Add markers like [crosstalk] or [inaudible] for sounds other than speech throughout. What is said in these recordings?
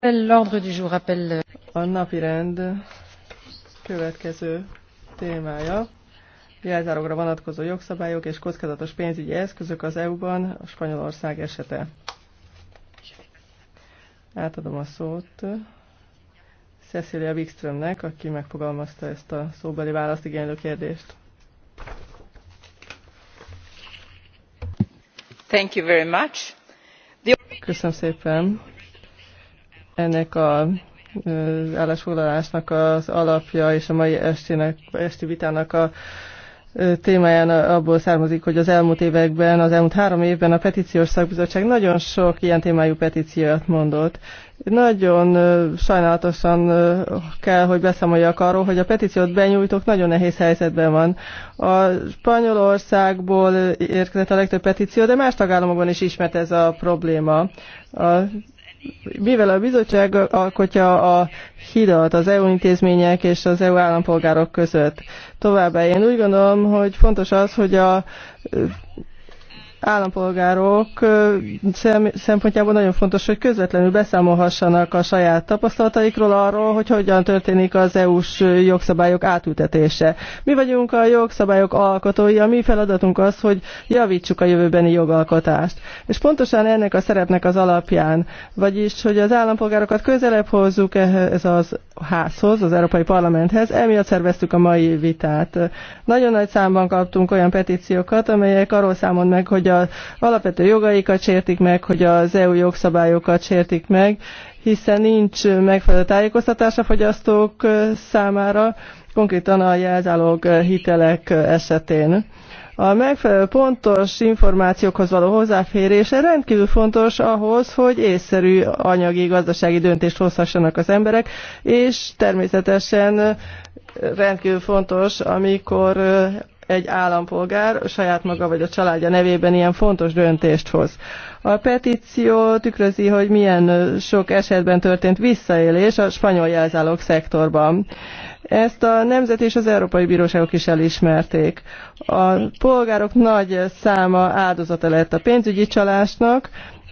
L'ordre du jour A napirend következő témája jelzárokra vonatkozó jogszabályok és kockázatos pénzügyi eszközök az EU-ban, a Spanyolország esete. Átadom a szót Cecilia Wikströmnek, aki megfogalmazta ezt a szóbeli választ igénylő kérdést. Thank you very much. Köszönöm szépen ennek a az állásfoglalásnak az alapja és a mai estének, esti vitának a témáján abból származik, hogy az elmúlt években, az elmúlt három évben a petíciós szakbizottság nagyon sok ilyen témájú petíciót mondott. Nagyon sajnálatosan kell, hogy beszámoljak arról, hogy a petíciót benyújtók nagyon nehéz helyzetben van. A Spanyolországból érkezett a legtöbb petíció, de más tagállamokban is ismert ez a probléma. A mivel a bizottság alkotja a hidat az EU intézmények és az EU állampolgárok között. Továbbá én úgy gondolom, hogy fontos az, hogy a állampolgárok szempontjából nagyon fontos, hogy közvetlenül beszámolhassanak a saját tapasztalataikról arról, hogy hogyan történik az EU-s jogszabályok átültetése. Mi vagyunk a jogszabályok alkotói, a mi feladatunk az, hogy javítsuk a jövőbeni jogalkotást. És pontosan ennek a szerepnek az alapján, vagyis, hogy az állampolgárokat közelebb hozzuk ehhez az házhoz, az Európai Parlamenthez, emiatt szerveztük a mai vitát. Nagyon nagy számban kaptunk olyan petíciókat, amelyek arról számon meg, hogy hogy az alapvető jogaikat sértik meg, hogy az EU jogszabályokat sértik meg, hiszen nincs megfelelő tájékoztatás a fogyasztók számára, konkrétan a jelzálog hitelek esetén. A megfelelő pontos információkhoz való hozzáférése rendkívül fontos ahhoz, hogy észszerű anyagi, gazdasági döntést hozhassanak az emberek, és természetesen rendkívül fontos, amikor egy állampolgár saját maga vagy a családja nevében ilyen fontos döntést hoz. A petíció tükrözi, hogy milyen sok esetben történt visszaélés a spanyol jelzálók szektorban. Ezt a Nemzeti és az Európai Bíróságok is elismerték. A polgárok nagy száma áldozata lett a pénzügyi csalásnak,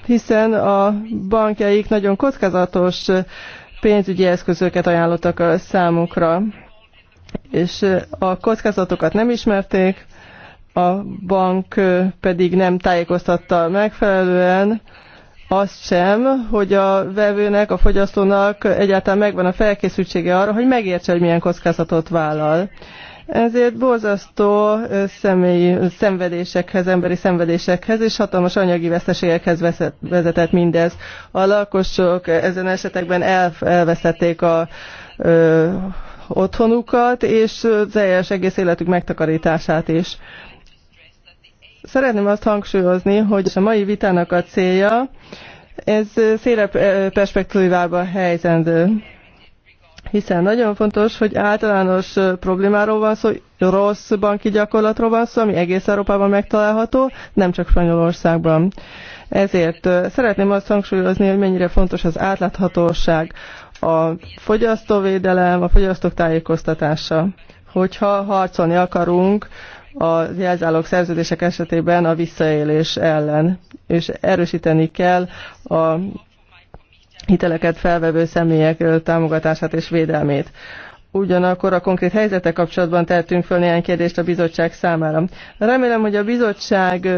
hiszen a bankjaik nagyon kockázatos pénzügyi eszközöket ajánlottak a számukra és a kockázatokat nem ismerték, a bank pedig nem tájékoztatta megfelelően azt sem, hogy a vevőnek, a fogyasztónak egyáltalán megvan a felkészültsége arra, hogy megértse, hogy milyen kockázatot vállal. Ezért borzasztó személyi szenvedésekhez, emberi szenvedésekhez és hatalmas anyagi veszteségekhez vezetett mindez. A lakosok ezen esetekben el, elvesztették a otthonukat, és teljes egész életük megtakarítását is. Szeretném azt hangsúlyozni, hogy a mai vitának a célja, ez szélebb perspektívában helyzendő hiszen nagyon fontos, hogy általános problémáról van szó, rossz banki gyakorlatról van szó, ami egész Európában megtalálható, nem csak Spanyolországban. Ezért szeretném azt hangsúlyozni, hogy mennyire fontos az átláthatóság a fogyasztóvédelem, a fogyasztók tájékoztatása. Hogyha harcolni akarunk a jelzálók szerződések esetében a visszaélés ellen, és erősíteni kell a hiteleket felvevő személyek támogatását és védelmét. Ugyanakkor a konkrét helyzete kapcsolatban tettünk föl néhány kérdést a bizottság számára. Remélem, hogy a bizottság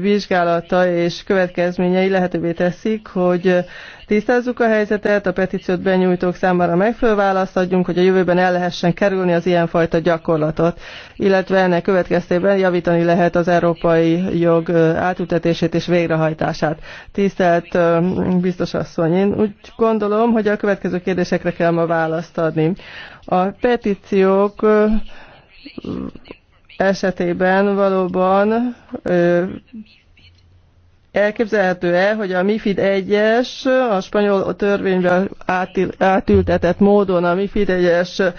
vizsgálata és következményei lehetővé teszik, hogy tisztázzuk a helyzetet, a petíciót benyújtók számára megfelelő választ adjunk, hogy a jövőben el lehessen kerülni az ilyenfajta gyakorlatot, illetve ennek következtében javítani lehet az európai jog átültetését és végrehajtását. Tisztelt biztos asszony, én úgy gondolom, hogy a következő kérdésekre kell ma választ adni a petíciók esetében valóban elképzelhető-e, hogy a MIFID 1-es, a spanyol törvénybe átültetett módon a MIFID 1-es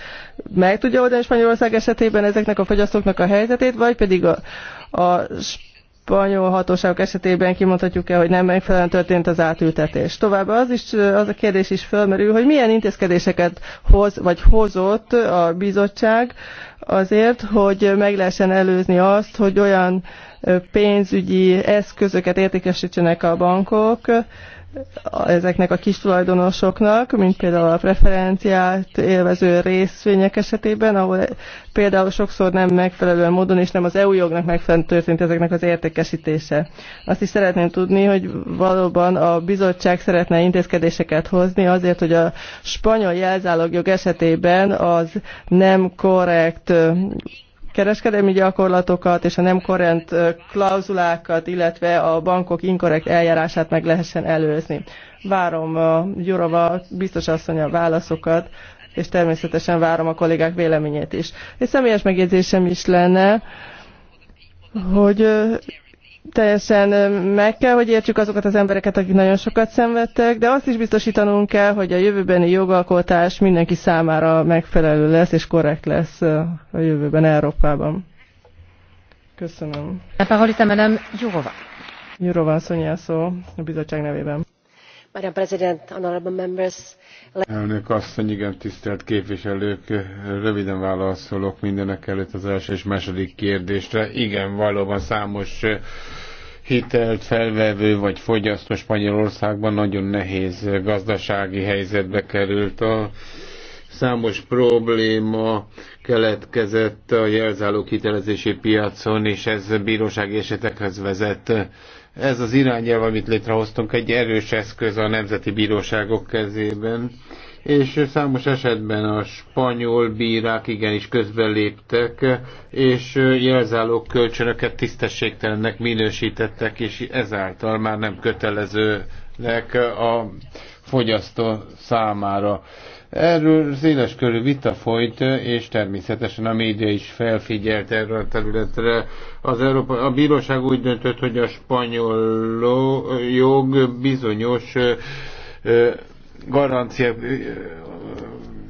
meg tudja oldani Spanyolország esetében ezeknek a fogyasztóknak a helyzetét, vagy pedig a, a spanyol hatóságok esetében kimondhatjuk-e, hogy nem megfelelően történt az átültetés. Továbbá az, is, az a kérdés is fölmerül, hogy milyen intézkedéseket hoz vagy hozott a bizottság azért, hogy meg lehessen előzni azt, hogy olyan pénzügyi eszközöket értékesítsenek a bankok, ezeknek a kis tulajdonosoknak, mint például a preferenciát élvező részvények esetében, ahol például sokszor nem megfelelően módon és nem az EU jognak megfelelően történt ezeknek az értékesítése. Azt is szeretném tudni, hogy valóban a bizottság szeretne intézkedéseket hozni azért, hogy a spanyol jelzálogjog esetében az nem korrekt kereskedelmi gyakorlatokat és a nem korrent klauzulákat, illetve a bankok inkorrekt eljárását meg lehessen előzni. Várom a Gyurova biztos a válaszokat, és természetesen várom a kollégák véleményét is. Egy személyes megjegyzésem is lenne, hogy teljesen meg kell, hogy értsük azokat az embereket, akik nagyon sokat szenvedtek, de azt is biztosítanunk kell, hogy a jövőbeni jogalkotás mindenki számára megfelelő lesz és korrekt lesz a jövőben Európában. Köszönöm. A parolita madame Jurova. Jurova szó a bizottság nevében. Madam President, honorable members, Elnök asszony, igen, tisztelt képviselők, röviden válaszolok mindenek előtt az első és második kérdésre. Igen, valóban számos hitelt felvevő vagy fogyasztó Spanyolországban nagyon nehéz gazdasági helyzetbe került. A számos probléma keletkezett a jelzálók hitelezési piacon, és ez bírósági esetekhez vezet ez az irányjel, amit létrehoztunk, egy erős eszköz a nemzeti bíróságok kezében, és számos esetben a spanyol bírák igenis léptek, és jelzálók kölcsönöket tisztességtelennek minősítettek, és ezáltal már nem kötelezőnek a fogyasztó számára. Erről széles körű vita folyt, és természetesen a média is felfigyelt erre a területre. Az Európa, a bíróság úgy döntött, hogy a spanyol jog bizonyos garancia,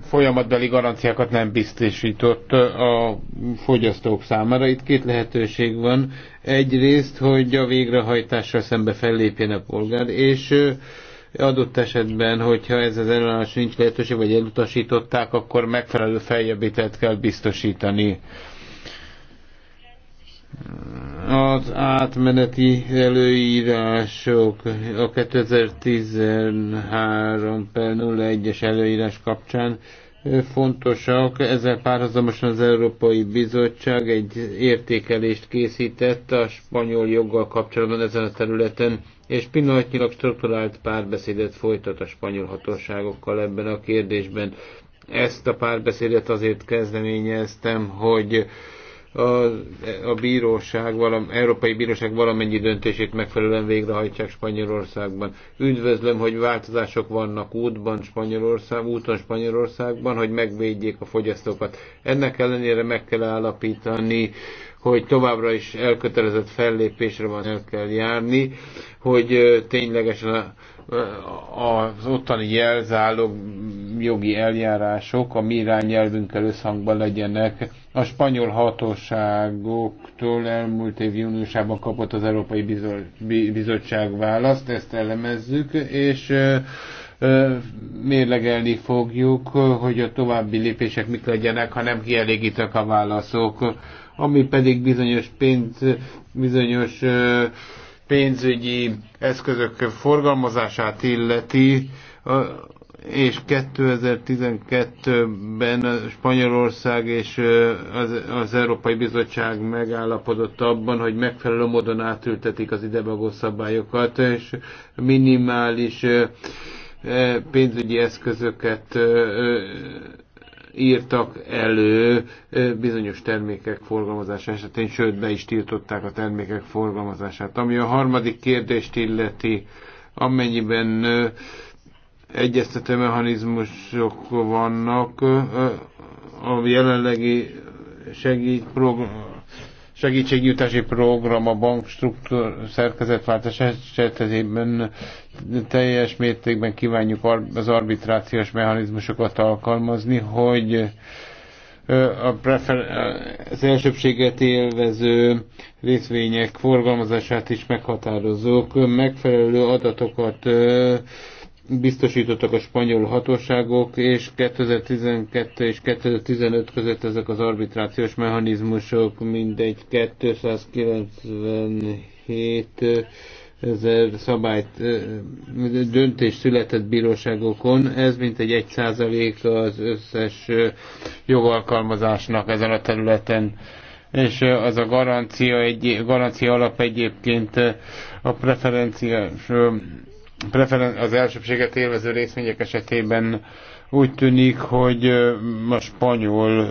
folyamatbeli garanciákat nem biztosított a fogyasztók számára. Itt két lehetőség van. Egyrészt, hogy a végrehajtással szembe fellépjen a polgár, és Adott esetben, hogyha ez az ellenállás nincs lehetőség, vagy elutasították, akkor megfelelő feljebbített kell biztosítani. Az átmeneti előírások, a 2013 per 01-es előírás kapcsán fontosak. Ezzel párhuzamosan az Európai Bizottság egy értékelést készített a spanyol joggal kapcsolatban ezen a területen és pillanatnyilag strukturált párbeszédet folytat a spanyol hatóságokkal ebben a kérdésben. Ezt a párbeszédet azért kezdeményeztem, hogy a, a bíróság, valam, Európai Bíróság valamennyi döntését megfelelően végrehajtsák Spanyolországban. Üdvözlöm, hogy változások vannak útban Spanyolország, úton Spanyolországban, hogy megvédjék a fogyasztókat. Ennek ellenére meg kell állapítani, hogy továbbra is elkötelezett fellépésre van el kell járni, hogy ténylegesen az ottani jelzálog jogi eljárások a mi irányelvünkkel összhangban legyenek. A spanyol hatóságoktól elmúlt év júniusában kapott az Európai Bizottság választ, ezt elemezzük, és mérlegelni fogjuk, hogy a további lépések mik legyenek, ha nem kielégítek a válaszok ami pedig bizonyos pénz, bizonyos pénzügyi eszközök forgalmazását illeti, és 2012-ben Spanyolország és az, az Európai Bizottság megállapodott abban, hogy megfelelő módon átültetik az idebagó szabályokat, és minimális pénzügyi eszközöket írtak elő bizonyos termékek forgalmazása esetén, sőt be is tiltották a termékek forgalmazását. Ami a harmadik kérdést illeti, amennyiben egyeztető mechanizmusok vannak, a jelenlegi segítprogram, segítségnyújtási program a bank struktúr szerkezetváltás esetében teljes mértékben kívánjuk az arbitrációs mechanizmusokat alkalmazni, hogy a prefer- az elsőbséget élvező részvények forgalmazását is meghatározók, megfelelő adatokat biztosítottak a spanyol hatóságok, és 2012 és 2015 között ezek az arbitrációs mechanizmusok mindegy 297 ezer szabályt, döntés született bíróságokon, ez mintegy egy százalék az összes jogalkalmazásnak ezen a területen. És az a garancia, egy, garancia alap egyébként a preferenciás, preferen, az elsőbséget élvező részvények esetében úgy tűnik, hogy a spanyol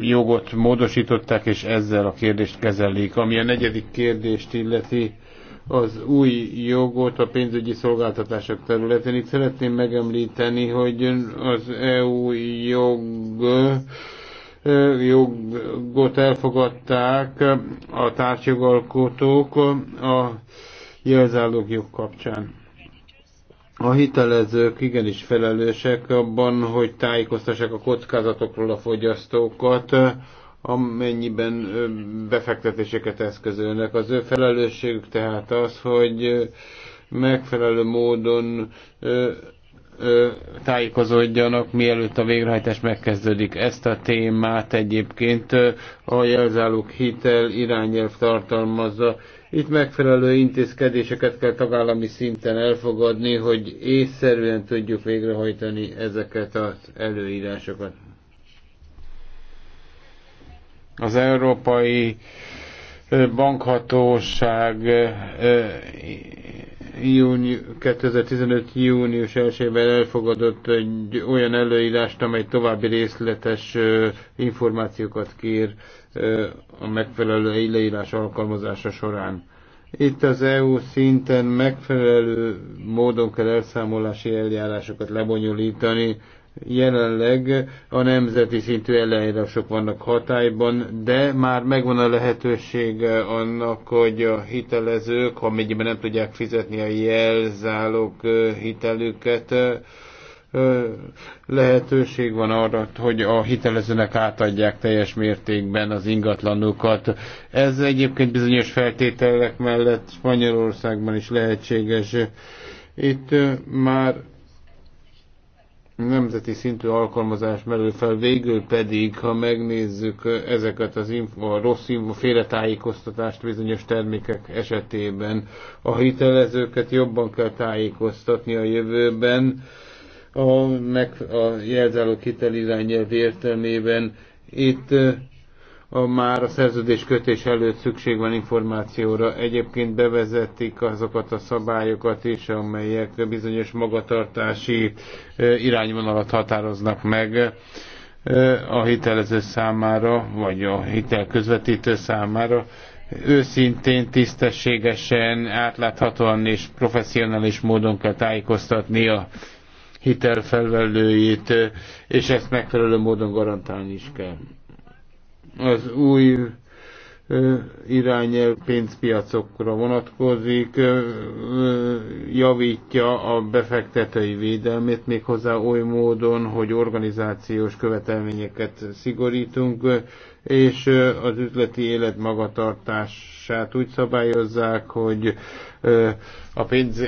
jogot módosították, és ezzel a kérdést kezelik. Ami a negyedik kérdést illeti, az új jogot a pénzügyi szolgáltatások területén. Itt szeretném megemlíteni, hogy az EU jog e jogot elfogadták a társjogalkotók a jelzálók jog kapcsán. A hitelezők igenis felelősek abban, hogy tájékoztassák a kockázatokról a fogyasztókat, amennyiben befektetéseket eszközölnek. Az ő felelősségük tehát az, hogy megfelelő módon tájékozódjanak, mielőtt a végrehajtás megkezdődik. Ezt a témát egyébként a jelzálók hitel irányelv tartalmazza. Itt megfelelő intézkedéseket kell tagállami szinten elfogadni, hogy észszerűen tudjuk végrehajtani ezeket az előírásokat. Az Európai Bankhatóság 2015. június 1-ben elfogadott egy olyan előírást, amely további részletes információkat kér a megfelelő leírás alkalmazása során. Itt az EU szinten megfelelő módon kell elszámolási eljárásokat lebonyolítani, Jelenleg a nemzeti szintű ellenírások vannak hatályban, de már megvan a lehetőség annak, hogy a hitelezők, ha mennyiben nem tudják fizetni a jelzálók hitelüket, lehetőség van arra, hogy a hitelezőnek átadják teljes mértékben az ingatlanukat. Ez egyébként bizonyos feltételek mellett Spanyolországban is lehetséges. Itt már nemzeti szintű alkalmazás merül fel, végül pedig, ha megnézzük ezeket az info, a rossz info, félretájékoztatást bizonyos termékek esetében, a hitelezőket jobban kell tájékoztatni a jövőben, a, meg, a jelzálók hitel értelmében. Itt a már a kötés előtt szükség van információra. Egyébként bevezetik azokat a szabályokat is, amelyek bizonyos magatartási eh, irányvonalat határoznak meg eh, a hitelező számára, vagy a hitel közvetítő számára őszintén, tisztességesen, átláthatóan és professzionális módon kell tájékoztatni a hitelfelvelőjét, eh, és ezt megfelelő módon garantálni is kell. Az új irányel pénzpiacokra vonatkozik, javítja a befektetői védelmét méghozzá oly módon, hogy organizációs követelményeket szigorítunk, és az üzleti élet magatartását úgy szabályozzák, hogy a pénz,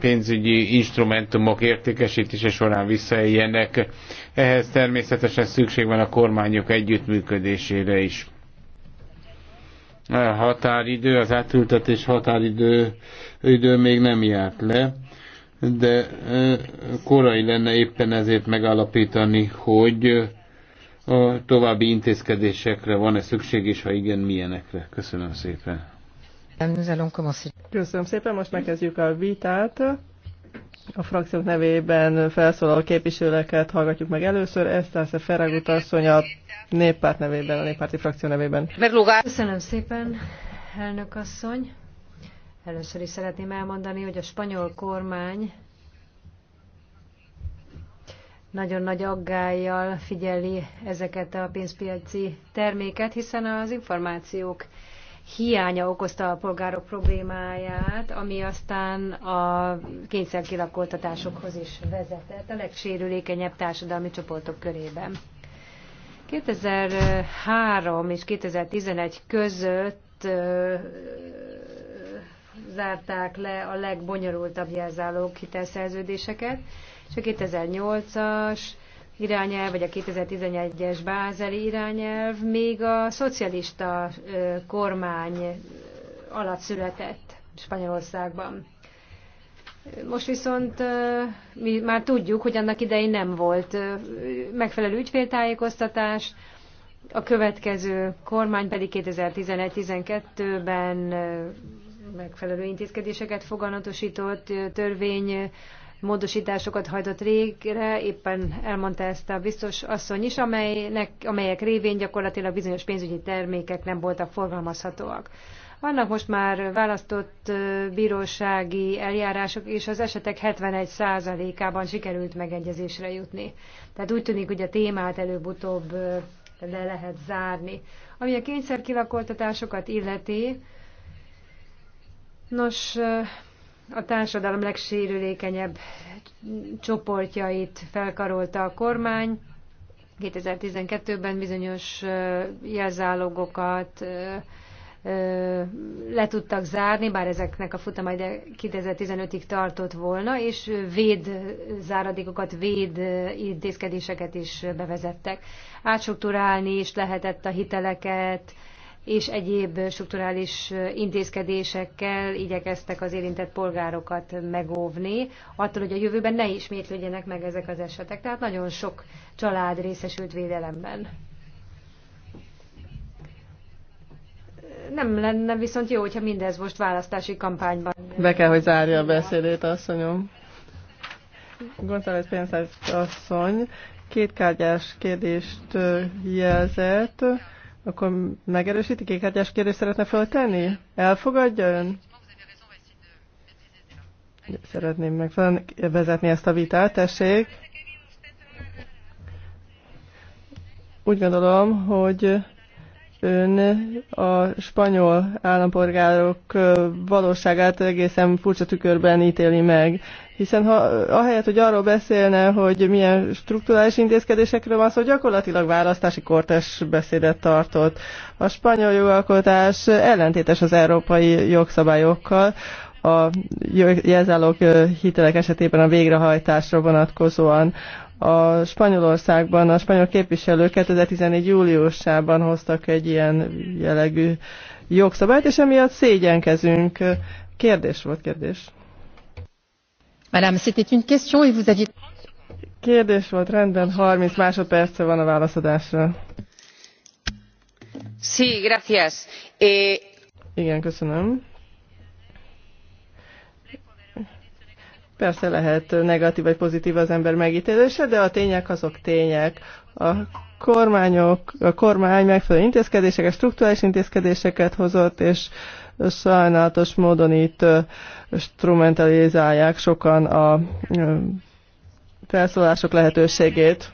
pénzügyi instrumentumok értékesítése során visszaéljenek ehhez természetesen szükség van a kormányok együttműködésére is. A határidő, az átültetés határidő idő még nem járt le, de korai lenne éppen ezért megállapítani, hogy a további intézkedésekre van-e szükség, és ha igen, milyenekre. Köszönöm szépen. Köszönöm szépen, most megkezdjük a vitát. A frakciók nevében felszólaló képviselőket hallgatjuk meg először. a Ferragut asszony a néppárt nevében, a néppárti frakció nevében. Köszönöm szépen, elnök asszony. Először is szeretném elmondani, hogy a spanyol kormány nagyon nagy aggájjal figyeli ezeket a pénzpiaci terméket, hiszen az információk hiánya okozta a polgárok problémáját, ami aztán a kényszerkilakoltatásokhoz is vezetett a legsérülékenyebb társadalmi csoportok körében. 2003 és 2011 között zárták le a legbonyolultabb jelzálók hitelszerződéseket, és a 2008-as irányelv, vagy a 2011-es bázeli irányelv még a szocialista kormány alatt született Spanyolországban. Most viszont mi már tudjuk, hogy annak idején nem volt megfelelő ügyféltájékoztatás, a következő kormány pedig 2011-12-ben megfelelő intézkedéseket foganatosított, törvény módosításokat hajtott régre, éppen elmondta ezt a biztos asszony is, amelynek, amelyek révén gyakorlatilag bizonyos pénzügyi termékek nem voltak forgalmazhatóak. Vannak most már választott bírósági eljárások, és az esetek 71%-ában sikerült megegyezésre jutni. Tehát úgy tűnik, hogy a témát előbb-utóbb le lehet zárni. Ami a kényszerkilakoltatásokat illeti, nos, a társadalom legsérülékenyebb csoportjait felkarolta a kormány. 2012-ben bizonyos jelzálogokat le tudtak zárni, bár ezeknek a futama 2015-ig tartott volna, és véd záradékokat, véd intézkedéseket is bevezettek. Átstruktúrálni is lehetett a hiteleket, és egyéb strukturális intézkedésekkel igyekeztek az érintett polgárokat megóvni, attól, hogy a jövőben ne ismétlődjenek meg ezek az esetek. Tehát nagyon sok család részesült védelemben. Nem lenne viszont jó, hogyha mindez most választási kampányban. Be kell, hogy zárja a beszédét, asszonyom. González Pénzász asszony két kártyás kérdést jelzett. Akkor megerősíti, kékártyás kérdést szeretne föltenni? Elfogadja ön? Szeretném megvezetni ezt a vitát, tessék. Úgy gondolom, hogy ön a spanyol állampolgárok valóságát egészen furcsa tükörben ítéli meg. Hiszen ha, ahelyett, hogy arról beszélne, hogy milyen strukturális intézkedésekről van szó, szóval gyakorlatilag választási kortes beszédet tartott. A spanyol jogalkotás ellentétes az európai jogszabályokkal, a jelzálók hitelek esetében a végrehajtásra vonatkozóan. A Spanyolországban a spanyol képviselő 2014. júliusában hoztak egy ilyen jellegű jogszabályt, és emiatt szégyenkezünk. Kérdés volt kérdés. Madame, c'était une question et vous aviez... Kérdés volt, rendben, 30 másodperce van a válaszadásra. Sí, gracias. Eh... Igen, köszönöm. Persze lehet negatív vagy pozitív az ember megítélése, de a tények azok tények. A kormányok, a kormány megfelelő intézkedéseket, struktúrális intézkedéseket hozott, és uh, sajnálatos módon itt instrumentalizálják sokan a felszólások lehetőségét.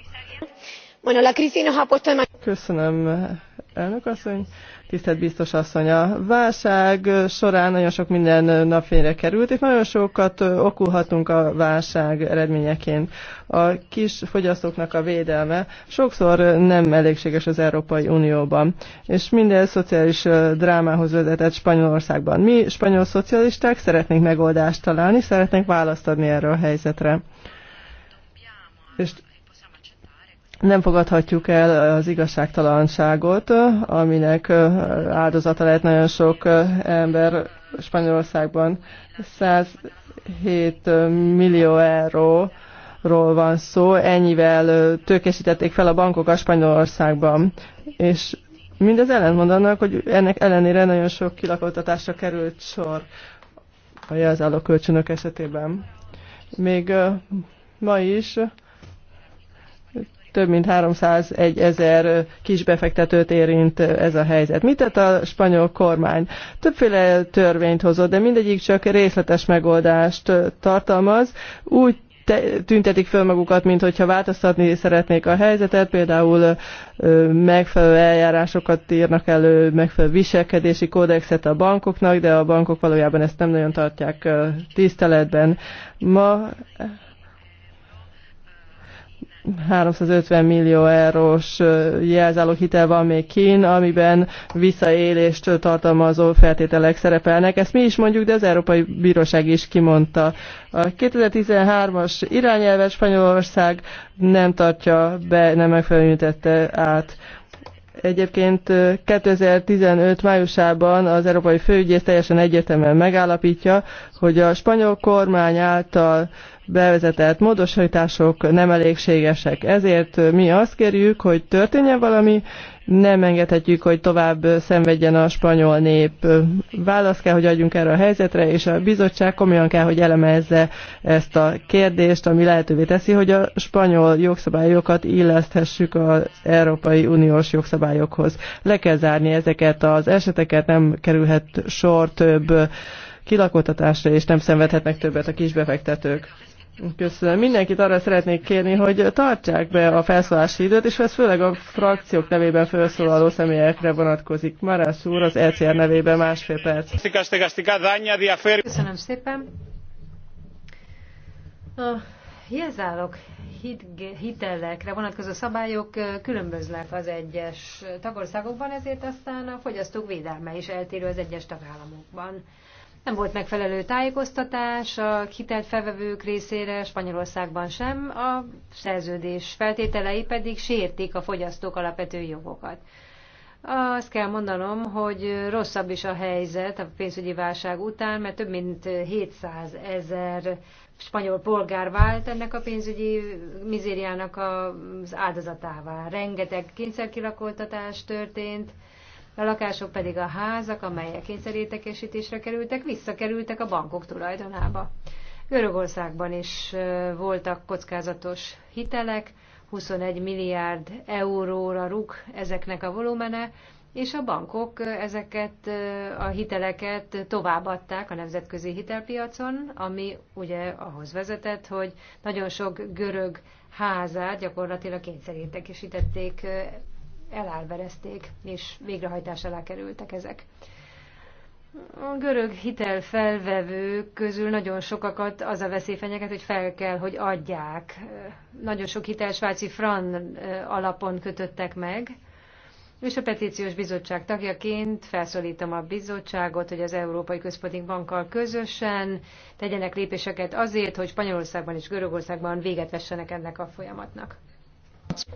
Köszönöm, Elnök asszony, tisztelt biztos asszony, a válság során nagyon sok minden napfényre került, és nagyon sokat okulhatunk a válság eredményeként. A kis fogyasztóknak a védelme sokszor nem elégséges az Európai Unióban, és minden szociális drámához vezetett Spanyolországban. Mi, spanyol szocialisták, szeretnénk megoldást találni, szeretnénk választ adni erre a helyzetre. És nem fogadhatjuk el az igazságtalanságot, aminek áldozata lehet nagyon sok ember Spanyolországban. 107 millió euróról van szó, ennyivel tőkesítették fel a bankok a Spanyolországban. És mindez mondanak, hogy ennek ellenére nagyon sok kilakoltatásra került sor a jelzálló kölcsönök esetében. Még ma is több mint 301 ezer kisbefektetőt érint ez a helyzet. Mit tett a spanyol kormány? Többféle törvényt hozott, de mindegyik csak részletes megoldást tartalmaz. Úgy tüntetik föl magukat, mint hogyha változtatni szeretnék a helyzetet, például megfelelő eljárásokat írnak elő, megfelelő viselkedési kódexet a bankoknak, de a bankok valójában ezt nem nagyon tartják tiszteletben. Ma 350 millió eurós jelzáloghitel van még kín, amiben visszaélést tartalmazó feltételek szerepelnek. Ezt mi is mondjuk, de az Európai Bíróság is kimondta. A 2013-as irányelve Spanyolország nem tartja be, nem megfelelőnyítette át. Egyébként 2015 májusában az Európai Főügyész teljesen egyértelműen megállapítja, hogy a spanyol kormány által bevezetett módosítások nem elégségesek. Ezért mi azt kérjük, hogy történjen valami, nem engedhetjük, hogy tovább szenvedjen a spanyol nép. Választ kell, hogy adjunk erre a helyzetre, és a bizottság komolyan kell, hogy elemezze ezt a kérdést, ami lehetővé teszi, hogy a spanyol jogszabályokat illeszthessük az Európai Uniós jogszabályokhoz. Le kell zárni ezeket az eseteket, nem kerülhet sor több kilakoltatásra, és nem szenvedhetnek többet a kisbefektetők. Köszönöm. Mindenkit arra szeretnék kérni, hogy tartsák be a felszólási időt, és ez főleg a frakciók nevében felszólaló személyekre vonatkozik. Marász úr az ECR nevében másfél perc. Köszönöm szépen. A jelzálok hitelekre vonatkozó szabályok különböznek az egyes tagországokban, ezért aztán a fogyasztók védelme is eltérő az egyes tagállamokban. Nem volt megfelelő tájékoztatás a hitelt felvevők részére, Spanyolországban sem, a szerződés feltételei pedig sértik a fogyasztók alapvető jogokat. Azt kell mondanom, hogy rosszabb is a helyzet a pénzügyi válság után, mert több mint 700 ezer spanyol polgár vált ennek a pénzügyi mizériának az áldozatává. Rengeteg kényszerkilakoltatás történt, a lakások pedig a házak, amelyek kényszerétekesítésre kerültek, visszakerültek a bankok tulajdonába. Görögországban is voltak kockázatos hitelek, 21 milliárd euróra rúg ezeknek a volumene, és a bankok ezeket a hiteleket továbbadták a nemzetközi hitelpiacon, ami ugye ahhoz vezetett, hogy nagyon sok görög házát gyakorlatilag kényszerítették elárverezték, és végrehajtás alá kerültek ezek. A görög hitelfelvevők közül nagyon sokakat az a veszély fenyeget, hogy fel kell, hogy adják. Nagyon sok hitel svájci fran alapon kötöttek meg, és a petíciós bizottság tagjaként felszólítom a bizottságot, hogy az Európai Központi Bankkal közösen tegyenek lépéseket azért, hogy Spanyolországban és Görögországban véget vessenek ennek a folyamatnak.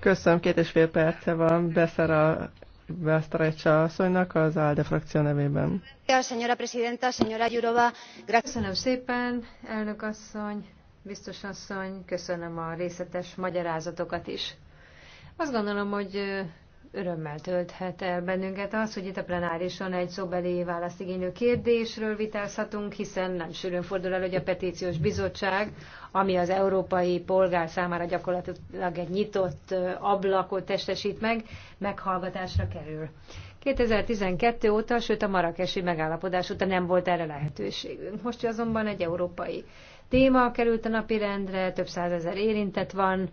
Köszönöm, két és fél perce van. Beszer a Besztrajcsa asszonynak az ALDE frakció nevében. Köszönöm szépen, elnök asszony, biztos asszony, köszönöm a részletes magyarázatokat is. Azt gondolom, hogy örömmel tölthet el bennünket az, hogy itt a plenárison egy szóbeli igénylő kérdésről vitázhatunk, hiszen nem sűrűn fordul el, hogy a petíciós bizottság, ami az európai polgár számára gyakorlatilag egy nyitott ablakot testesít meg, meghallgatásra kerül. 2012 óta, sőt a marakesi megállapodás óta nem volt erre lehetőségünk. Most azonban egy európai téma került a napirendre, több százezer érintett van,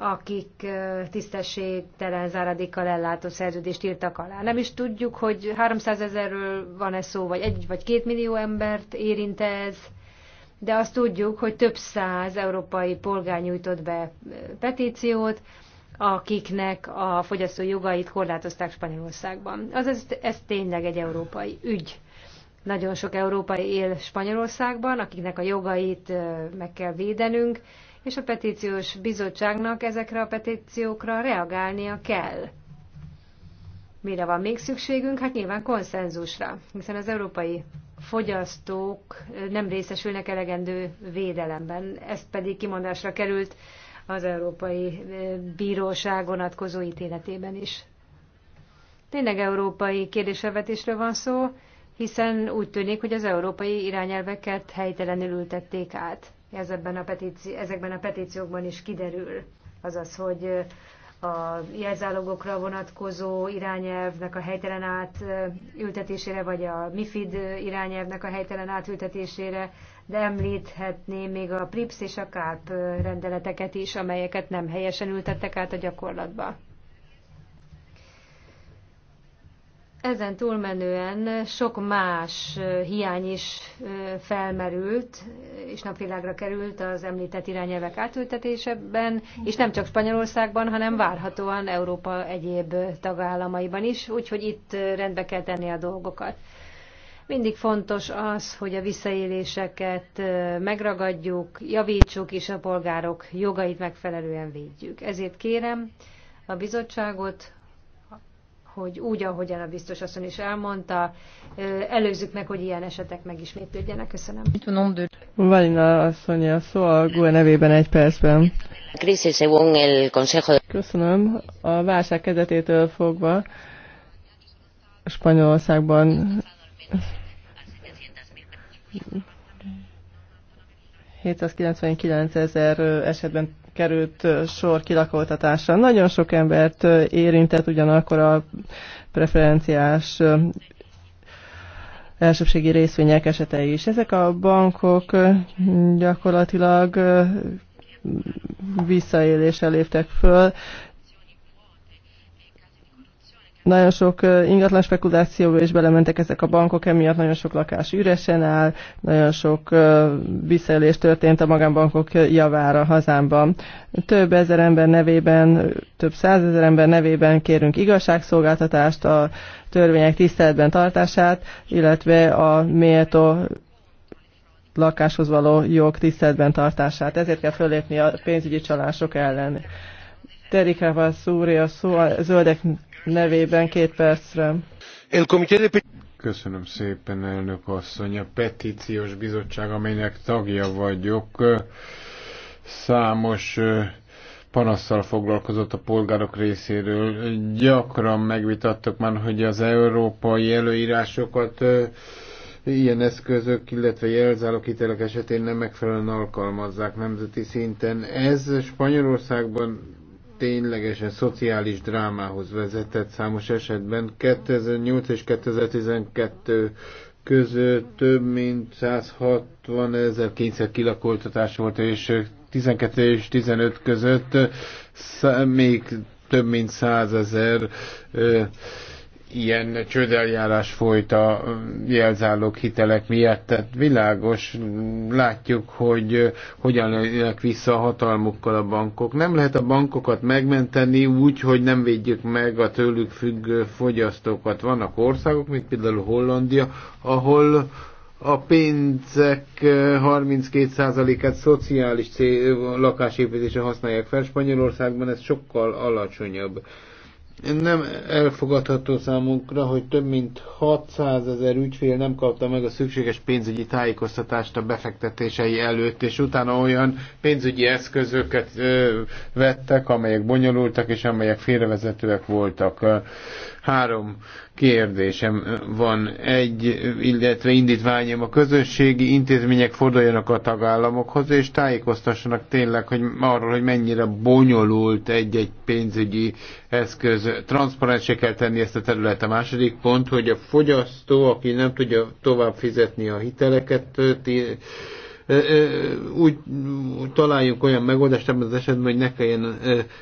akik tisztességtelen záradékkal ellátó szerződést írtak alá. Nem is tudjuk, hogy 300 ezerről van-e szó, vagy egy vagy két millió embert érint ez, de azt tudjuk, hogy több száz európai polgár nyújtott be petíciót, akiknek a fogyasztói jogait korlátozták Spanyolországban. ez, ez tényleg egy európai ügy. Nagyon sok európai él Spanyolországban, akiknek a jogait meg kell védenünk, és a petíciós bizottságnak ezekre a petíciókra reagálnia kell. Mire van még szükségünk? Hát nyilván konszenzusra, hiszen az európai fogyasztók nem részesülnek elegendő védelemben. Ez pedig kimondásra került az Európai eh, Bíróság vonatkozó ítéletében is. Tényleg európai kérdésevetésről van szó, hiszen úgy tűnik, hogy az európai irányelveket helytelenül ültették át ez ebben a petíci- ezekben a petíciókban is kiderül. Azaz, hogy a jelzálogokra vonatkozó irányelvnek a helytelen átültetésére, vagy a MIFID irányelvnek a helytelen átültetésére, de említhetném még a PRIPS és a KÁP rendeleteket is, amelyeket nem helyesen ültettek át a gyakorlatba. Ezen túlmenően sok más hiány is felmerült, és napvilágra került az említett irányelvek átültetésében, és nem csak Spanyolországban, hanem várhatóan Európa egyéb tagállamaiban is, úgyhogy itt rendbe kell tenni a dolgokat. Mindig fontos az, hogy a visszaéléseket megragadjuk, javítsuk, és a polgárok jogait megfelelően védjük. Ezért kérem a bizottságot, hogy úgy, ahogyan a biztos asszony is elmondta, előzzük meg, hogy ilyen esetek megismétlődjenek. Köszönöm. Valina asszony, a szó a GUE nevében egy percben. Köszönöm. A válság kezdetétől fogva Spanyolországban 799 ezer esetben került sor kilakoltatásra. Nagyon sok embert érintett ugyanakkor a preferenciás elsőbségi részvények esete is. Ezek a bankok gyakorlatilag visszaéléssel léptek föl, nagyon sok ingatlan spekulációba is belementek ezek a bankok, emiatt nagyon sok lakás üresen áll, nagyon sok visszaélés történt a magánbankok javára hazámban. Több ezer ember nevében, több százezer ember nevében kérünk igazságszolgáltatást, a törvények tiszteletben tartását, illetve a méltó lakáshoz való jog tiszteletben tartását. Ezért kell fölépni a pénzügyi csalások ellen. Terikával szúrja a szó, a zöldek nevében két percre. Köszönöm szépen, elnök asszony. A petíciós bizottság, amelynek tagja vagyok, számos panasszal foglalkozott a polgárok részéről. Gyakran megvitattuk már, hogy az európai előírásokat ilyen eszközök, illetve hitelek esetén nem megfelelően alkalmazzák nemzeti szinten. Ez Spanyolországban ténylegesen szociális drámához vezetett számos esetben. 2008 és 2012 között több mint 160 ezer kényszer kilakoltatás volt, és 12 és 15 között még több mint 100 ezer ilyen csődeljárás folyt a jelzálók hitelek miatt. Tehát világos, látjuk, hogy hogyan jönnek vissza a hatalmukkal a bankok. Nem lehet a bankokat megmenteni úgy, hogy nem védjük meg a tőlük függő fogyasztókat. Vannak országok, mint például Hollandia, ahol a pénzek 32%-át szociális cél, lakásépítésre használják fel, Spanyolországban ez sokkal alacsonyabb nem elfogadható számunkra, hogy több mint 600 ezer ügyfél nem kapta meg a szükséges pénzügyi tájékoztatást a befektetései előtt, és utána olyan pénzügyi eszközöket ö, vettek, amelyek bonyolultak és amelyek félrevezetőek voltak. Három kérdésem van. Egy, illetve indítványom a közösségi intézmények forduljanak a tagállamokhoz, és tájékoztassanak tényleg hogy arról, hogy mennyire bonyolult egy-egy pénzügyi eszköz. Transzparensé kell tenni ezt a területet. A második pont, hogy a fogyasztó, aki nem tudja tovább fizetni a hiteleket, úgy, találjuk olyan megoldást ebben az esetben, hogy ne kelljen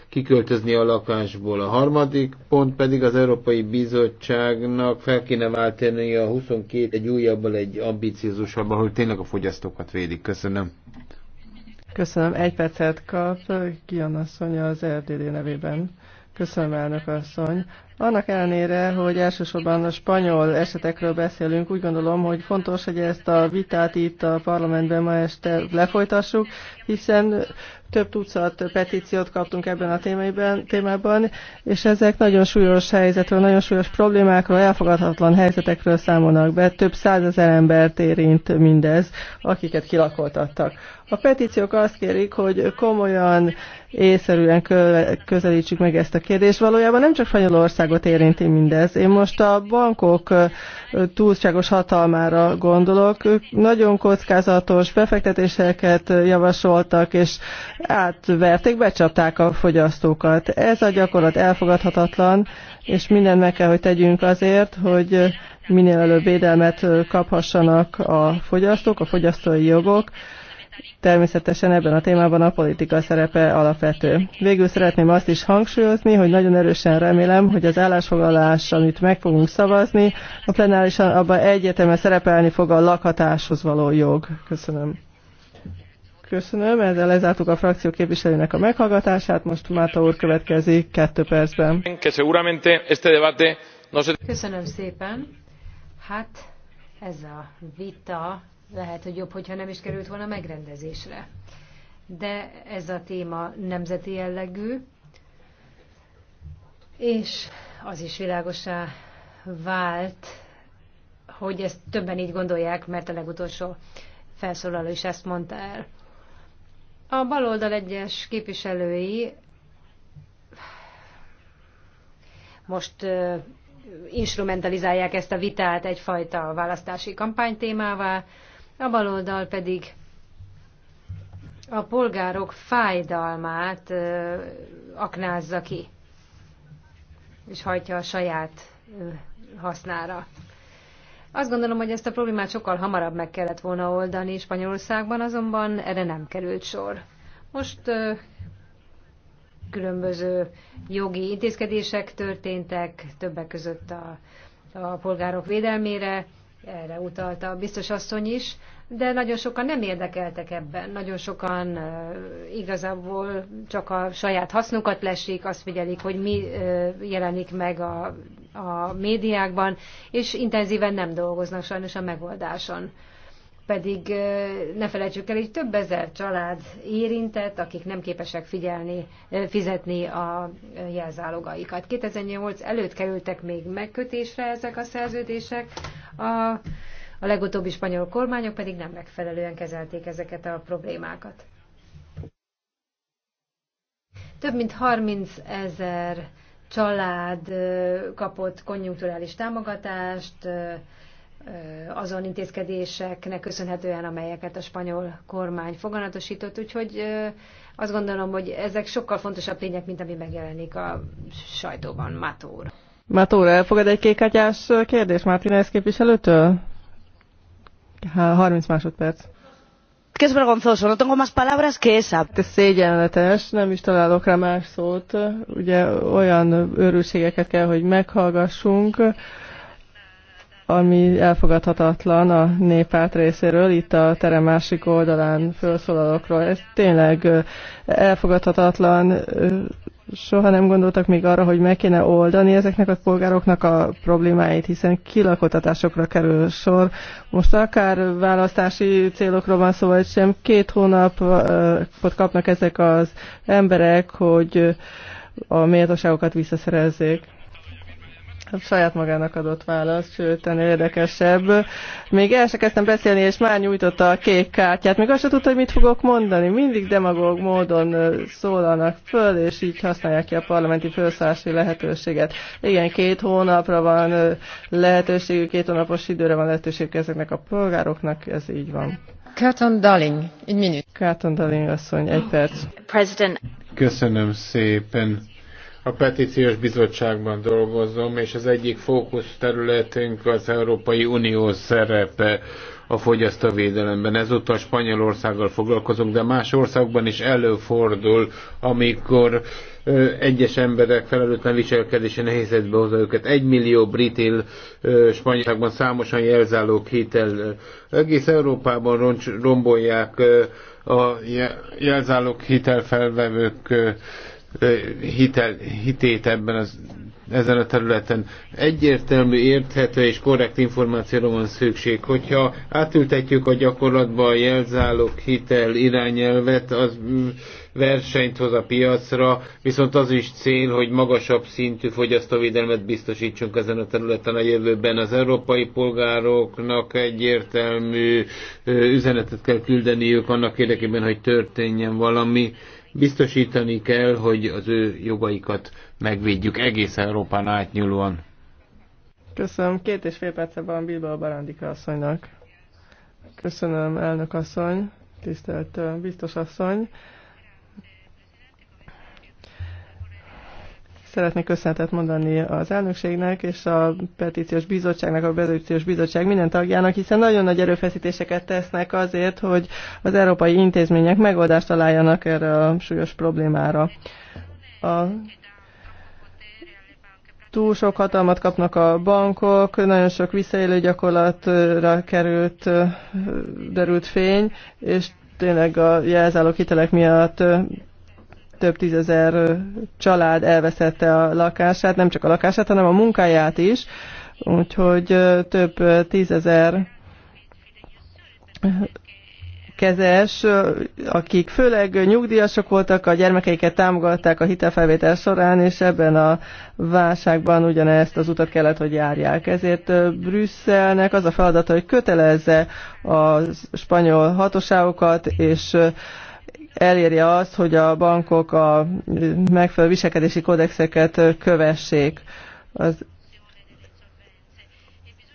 kiköltözni a lakásból. A harmadik pont pedig az Európai Bizottságnak fel kéne váltani a 22 egy újabbal, egy ambiciózusabban, hogy tényleg a fogyasztókat védik. Köszönöm. Köszönöm. Egy percet kap Kian asszony az RDD nevében. Köszönöm, elnök asszony. Annak ellenére, hogy elsősorban a spanyol esetekről beszélünk, úgy gondolom, hogy fontos, hogy ezt a vitát itt a parlamentben ma este lefolytassuk, hiszen több tucat petíciót kaptunk ebben a témában, témában, és ezek nagyon súlyos helyzetről, nagyon súlyos problémákról, elfogadhatatlan helyzetekről számolnak be. Több százezer embert érint mindez, akiket kilakoltattak. A petíciók azt kérik, hogy komolyan, észszerűen közelítsük meg ezt a kérdést. Valójában nem csak Spanyolországot érinti mindez. Én most a bankok túlságos hatalmára gondolok. Ők nagyon kockázatos befektetéseket javasoltak, és átverték, becsapták a fogyasztókat. Ez a gyakorlat elfogadhatatlan, és mindent meg kell, hogy tegyünk azért, hogy minél előbb védelmet kaphassanak a fogyasztók, a fogyasztói jogok Természetesen ebben a témában a politika szerepe alapvető. Végül szeretném azt is hangsúlyozni, hogy nagyon erősen remélem, hogy az állásfoglalás, amit meg fogunk szavazni, a plenárisan abban egyeteme szerepelni fog a lakhatáshoz való jog. Köszönöm. Köszönöm, ezzel lezártuk a frakció képviselőnek a meghallgatását, most Máta úr következik kettő percben. Köszönöm szépen. Hát ez a vita lehet, hogy jobb, hogyha nem is került volna megrendezésre. De ez a téma nemzeti jellegű, és az is világosá vált, hogy ezt többen így gondolják, mert a legutolsó felszólaló is ezt mondta el. A baloldal egyes képviselői most uh, instrumentalizálják ezt a vitát egyfajta választási kampánytémává, a bal oldal pedig a polgárok fájdalmát ö, aknázza ki, és hajtja a saját ö, hasznára. Azt gondolom, hogy ezt a problémát sokkal hamarabb meg kellett volna oldani Spanyolországban, azonban erre nem került sor. Most ö, különböző jogi intézkedések történtek, többek között a, a polgárok védelmére erre utalta a biztos asszony is, de nagyon sokan nem érdekeltek ebben, nagyon sokan igazából csak a saját hasznukat lesik, azt figyelik, hogy mi jelenik meg a, a médiákban, és intenzíven nem dolgoznak sajnos a megoldáson. Pedig ne felejtsük el, hogy több ezer család érintett, akik nem képesek figyelni, fizetni a jelzálogaikat. 2008 előtt kerültek még megkötésre ezek a szerződések, a, a legutóbbi spanyol kormányok pedig nem megfelelően kezelték ezeket a problémákat. Több mint 30 ezer család kapott konjunkturális támogatást azon intézkedéseknek köszönhetően, amelyeket a spanyol kormány foganatosított, úgyhogy azt gondolom, hogy ezek sokkal fontosabb tények, mint ami megjelenik a sajtóban. Matóra. Mátóra elfogad egy kékátyás kérdés Mártinez képviselőtől? há 30 másodperc. Que es vergonzoso, no tengo más palabras que esa. Szégyenletes, nem is találok rá más szót. Ugye olyan örülségeket kell, hogy meghallgassunk, ami elfogadhatatlan a néppárt részéről, itt a terem másik oldalán felszólalokról. Ez tényleg elfogadhatatlan, soha nem gondoltak még arra, hogy meg kéne oldani ezeknek a polgároknak a problémáit, hiszen kilakotatásokra kerül sor. Most akár választási célokról van szó, vagy sem, két hónapot kapnak ezek az emberek, hogy a méltóságokat visszaszerezzék saját magának adott választ, sőt, ennél érdekesebb. Még el se kezdtem beszélni, és már nyújtotta a kék kártyát. Még azt sem tudta, hogy mit fogok mondani. Mindig demagóg módon szólalnak föl, és így használják ki a parlamenti felszállási lehetőséget. Igen, két hónapra van lehetőségük, két hónapos időre van lehetőségük ezeknek a polgároknak, ez így van. Káton Darling, egy minut. Káton Darling asszony, egy perc. President. Köszönöm szépen a petíciós bizottságban dolgozom, és az egyik fókusz területünk az Európai Unió szerepe a fogyasztóvédelemben. Ezúttal Spanyolországgal foglalkozunk, de más országban is előfordul, amikor ö, egyes emberek felelőtlen viselkedésen nehézetbe hozza őket. Egy millió brit él Spanyolországban számosan jelzálók hitel. Egész Európában roncs, rombolják ö, a jelzálók hitelfelvevők hitel, hitét ebben az, ezen a területen. Egyértelmű, érthető és korrekt információra van szükség. Hogyha átültetjük a gyakorlatba a jelzálók hitel irányelvet, az versenyt hoz a piacra, viszont az is cél, hogy magasabb szintű fogyasztóvédelmet biztosítsunk ezen a területen a jövőben. Az európai polgároknak egyértelmű üzenetet kell küldeniük annak érdekében, hogy történjen valami Biztosítani kell, hogy az ő jogaikat megvédjük egész Európán átnyúlóan. Köszönöm. Két és fél perce van Bilbao Barandika asszonynak. Köszönöm, elnök asszony, tisztelt biztos asszony. Szeretnék köszönetet mondani az elnökségnek és a petíciós bizottságnak, a petíciós bizottság minden tagjának, hiszen nagyon nagy erőfeszítéseket tesznek azért, hogy az európai intézmények megoldást találjanak erre a súlyos problémára. A túl sok hatalmat kapnak a bankok, nagyon sok visszaélő gyakorlatra került, derült fény, és tényleg a jelzáló hitelek miatt több tízezer család elveszette a lakását, nem csak a lakását, hanem a munkáját is, úgyhogy több tízezer kezes, akik főleg nyugdíjasok voltak, a gyermekeiket támogatták a hitelfelvétel során, és ebben a válságban ugyanezt az utat kellett, hogy járják. Ezért Brüsszelnek az a feladata, hogy kötelezze a spanyol hatóságokat, és elérje azt, hogy a bankok a megfelelő viselkedési kódexeket kövessék. Az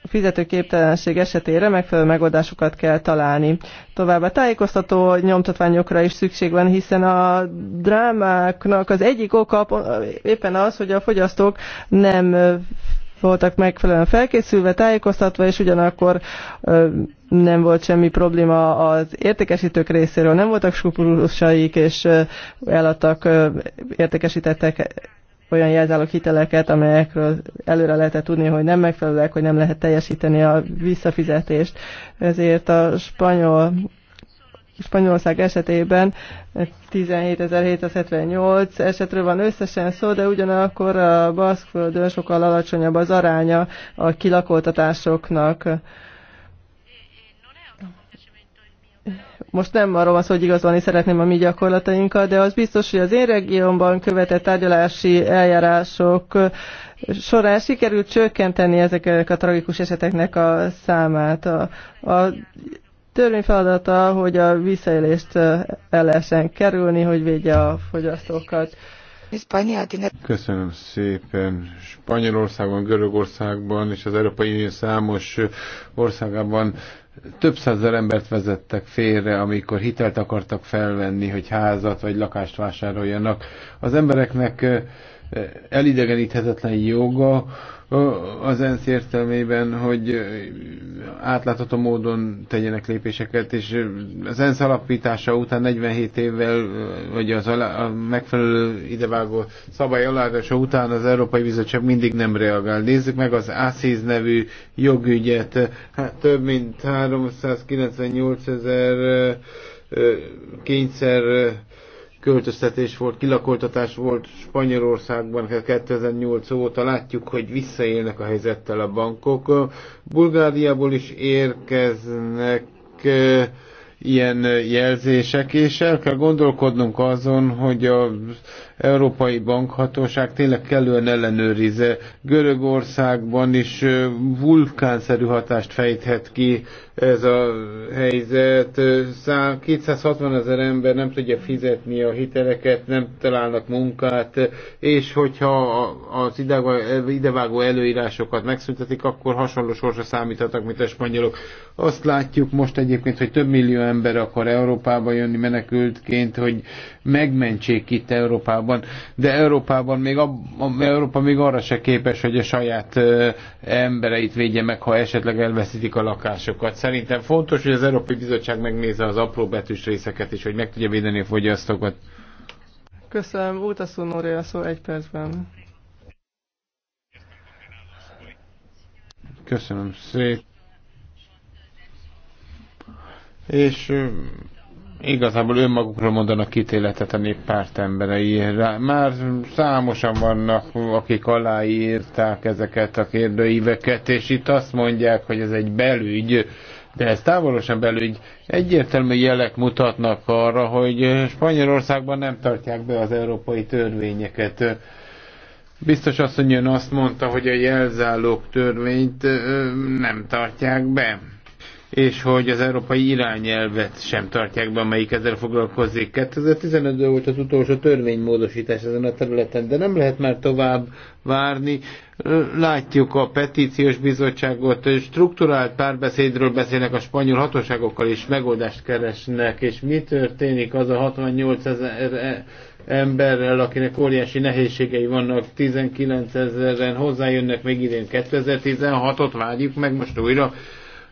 fizetőképtelenség esetére megfelelő megoldásokat kell találni. Továbbá tájékoztató nyomtatványokra is szükség van, hiszen a drámáknak az egyik oka éppen az, hogy a fogyasztók nem voltak megfelelően felkészülve, tájékoztatva, és ugyanakkor nem volt semmi probléma az értékesítők részéről, nem voltak skrupulusaik, és eladtak, értékesítettek olyan jelzálók hiteleket, amelyekről előre lehetett tudni, hogy nem megfelelőek, hogy nem lehet teljesíteni a visszafizetést. Ezért a spanyol Spanyolország esetében 17.778 esetről van összesen szó, de ugyanakkor a Baszkföldön sokkal alacsonyabb az aránya a kilakoltatásoknak. Most nem arról van szó, hogy igazolni szeretném a mi gyakorlatainkat, de az biztos, hogy az én régiómban követett tárgyalási eljárások során sikerült csökkenteni ezeknek a tragikus eseteknek a számát. A, a törvény feladata, hogy a visszaélést el lehessen kerülni, hogy védje a fogyasztókat. Hát Köszönöm szépen. Spanyolországban, Görögországban és az Európai Unió számos országában több százezer embert vezettek félre, amikor hitelt akartak felvenni, hogy házat vagy lakást vásároljanak. Az embereknek elidegeníthetetlen joga, az ENSZ értelmében, hogy átlátható módon tegyenek lépéseket, és az ENSZ alapítása után 47 évvel, vagy az alá, a megfelelő idevágó szabály aláadása után az Európai Bizottság mindig nem reagál. Nézzük meg az ASZIZ nevű jogügyet. Hát, több mint 398 ezer kényszer költöztetés volt, kilakoltatás volt Spanyolországban 2008 óta. Látjuk, hogy visszaélnek a helyzettel a bankok. Bulgáriából is érkeznek ilyen jelzések, és el kell gondolkodnunk azon, hogy a Európai Bankhatóság tényleg kellően ellenőrize. Görögországban is vulkánszerű hatást fejthet ki ez a helyzet. 260 ezer ember nem tudja fizetni a hiteleket, nem találnak munkát, és hogyha az idevágó előírásokat megszüntetik, akkor hasonló sorsa számíthatnak, mint a spanyolok. Azt látjuk most egyébként, hogy több millió ember akar Európába jönni menekültként, hogy megmentsék itt Európában Európában, de Európában még, a, Európa még arra se képes, hogy a saját ö, embereit védje meg, ha esetleg elveszítik a lakásokat. Szerintem fontos, hogy az Európai Bizottság megnézze az apró betűs részeket is, hogy meg tudja védeni a fogyasztókat. Köszönöm, Útaszú Nóri a szó egy percben. Köszönöm szépen. És igazából önmagukra mondanak kitéletet a néppárt emberei. Már számosan vannak, akik aláírták ezeket a kérdőíveket, és itt azt mondják, hogy ez egy belügy, de ez távolosan belügy. Egyértelmű jelek mutatnak arra, hogy Spanyolországban nem tartják be az európai törvényeket. Biztos asszony ön azt mondta, hogy a jelzálók törvényt nem tartják be és hogy az európai irányelvet sem tartják be, amelyik ezzel foglalkozik. 2015-ben volt az utolsó törvénymódosítás ezen a területen, de nem lehet már tovább várni. Látjuk a petíciós bizottságot, strukturált párbeszédről beszélnek a spanyol hatóságokkal, és megoldást keresnek, és mi történik az a 68 ezer e- emberrel, akinek óriási nehézségei vannak, 19 ezeren hozzájönnek még idén 2016-ot, várjuk meg most újra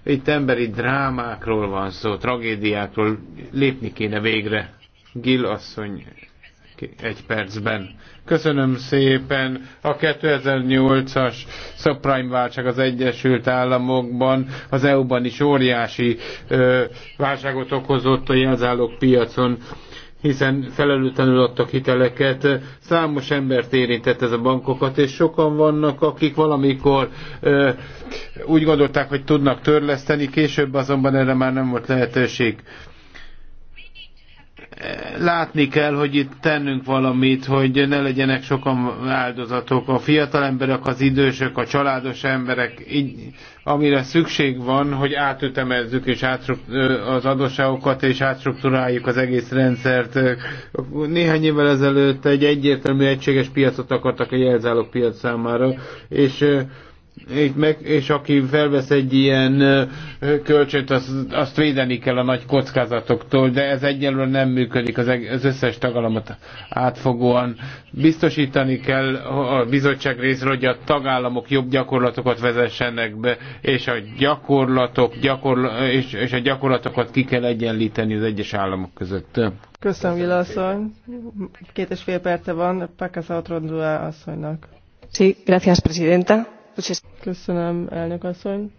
itt emberi drámákról van szó, tragédiákról lépni kéne végre. Gil asszony egy percben. Köszönöm szépen. A 2008-as subprime válság az Egyesült Államokban, az EU-ban is óriási ö, válságot okozott a jelzálók piacon hiszen felelőtlenül adtak hiteleket. Számos embert érintett ez a bankokat, és sokan vannak, akik valamikor ö, úgy gondolták, hogy tudnak törleszteni, később azonban erre már nem volt lehetőség látni kell, hogy itt tennünk valamit, hogy ne legyenek sokan áldozatok, a fiatal emberek, az idősök, a családos emberek, így, amire szükség van, hogy átütemezzük és az adósságokat, és átstruktúráljuk az egész rendszert. Néhány évvel ezelőtt egy egyértelmű egységes piacot akartak a jelzálók piac számára, és és, meg, és aki felvesz egy ilyen kölcsönt, azt, azt védeni kell a nagy kockázatoktól, de ez egyelőre nem működik az, az összes tagállamot átfogóan. Biztosítani kell a bizottság részről, hogy a tagállamok jobb gyakorlatokat vezessenek be, és a, gyakorlatok, gyakorla, és, és a gyakorlatokat ki kell egyenlíteni az egyes államok között. Köszönöm, Vilasszony. Két és fél perce van Pekasa Otrondua asszonynak. Sí, gracias, presidenta Köszönöm, elnök asszony.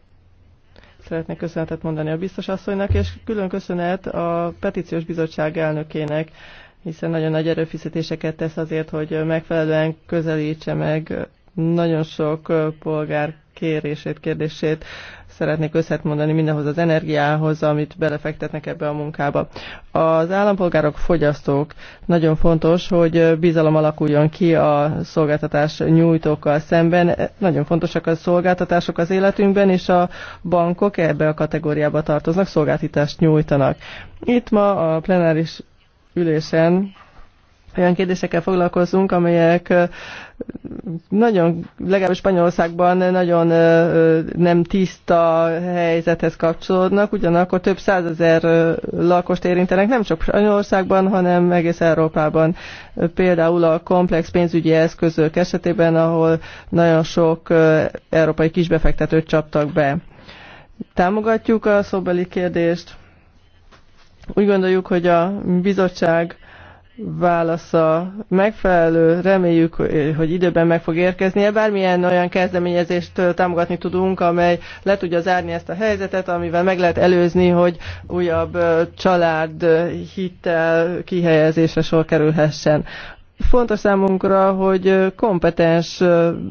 Szeretnék köszönetet mondani a biztos asszonynak, és külön köszönet a petíciós bizottság elnökének, hiszen nagyon nagy erőfeszítéseket tesz azért, hogy megfelelően közelítse meg nagyon sok polgár kérését, kérdését szeretnék összetmondani mindenhoz az energiához, amit belefektetnek ebbe a munkába. Az állampolgárok, fogyasztók nagyon fontos, hogy bizalom alakuljon ki a szolgáltatás nyújtókkal szemben. Nagyon fontosak a szolgáltatások az életünkben, és a bankok ebbe a kategóriába tartoznak, szolgáltatást nyújtanak. Itt ma a plenáris ülésen olyan kérdésekkel foglalkozunk, amelyek nagyon, legalábbis Spanyolországban nagyon nem tiszta helyzethez kapcsolódnak, ugyanakkor több százezer lakost érintenek, nem csak Spanyolországban, hanem egész Európában. Például a komplex pénzügyi eszközök esetében, ahol nagyon sok európai kisbefektetőt csaptak be. Támogatjuk a szóbeli kérdést. Úgy gondoljuk, hogy a bizottság válasza megfelelő, reméljük, hogy időben meg fog érkeznie. Bármilyen olyan kezdeményezést támogatni tudunk, amely le tudja zárni ezt a helyzetet, amivel meg lehet előzni, hogy újabb család hittel kihelyezésre sor kerülhessen. Fontos számunkra, hogy kompetens,